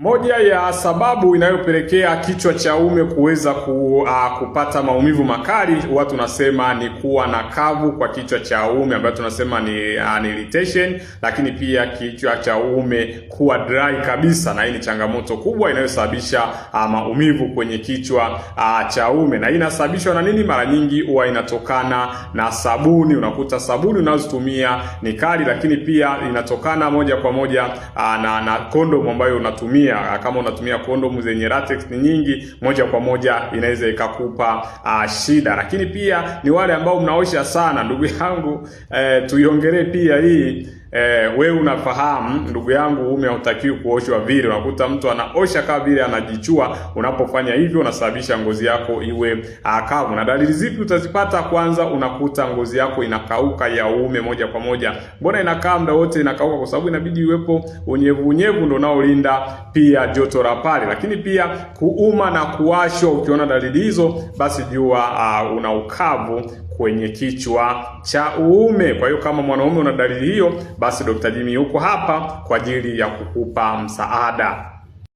Moja ya sababu inayopelekea kichwa cha ume kuweza ku, a, uh, kupata maumivu makali huwa tunasema ni kuwa na kavu kwa kichwa cha ume ambayo tunasema ni, uh, ni irritation, lakini pia kichwa cha ume kuwa dry kabisa, na hii ni changamoto kubwa inayosababisha uh, maumivu kwenye kichwa uh, cha ume Na hii inasababishwa na nini? Mara nyingi huwa inatokana na sabuni. Unakuta sabuni unazotumia ni kali, lakini pia inatokana moja kwa moja a, na, na kondomu ambayo unatumia unatumia Kama unatumia kondomu zenye latex ni nyingi, moja kwa moja inaweza ikakupa uh, shida. Lakini pia ni wale ambao mnaosha sana, ndugu yangu eh, tuiongelee pia hii E, wewe unafahamu ndugu yangu, uume hautakiwi kuoshwa vile. Unakuta mtu anaosha kama vile anajichua. Unapofanya hivyo, unasababisha ngozi yako iwe ah, kavu. Na dalili zipi utazipata? Kwanza, unakuta ngozi yako inakauka ya uume moja kwa moja. Mbona inakaa muda wote inakauka? Kwa sababu inabidi iwepo unyevu unyevu, ndio unaolinda pia joto la pale, lakini pia kuuma na kuwashwa. Ukiona dalili hizo, basi jua uh, una ukavu kwenye kichwa cha uume. Kwa hiyo kama mwanaume una dalili hiyo, basi Dr. Jimmy yuko hapa kwa ajili ya kukupa msaada.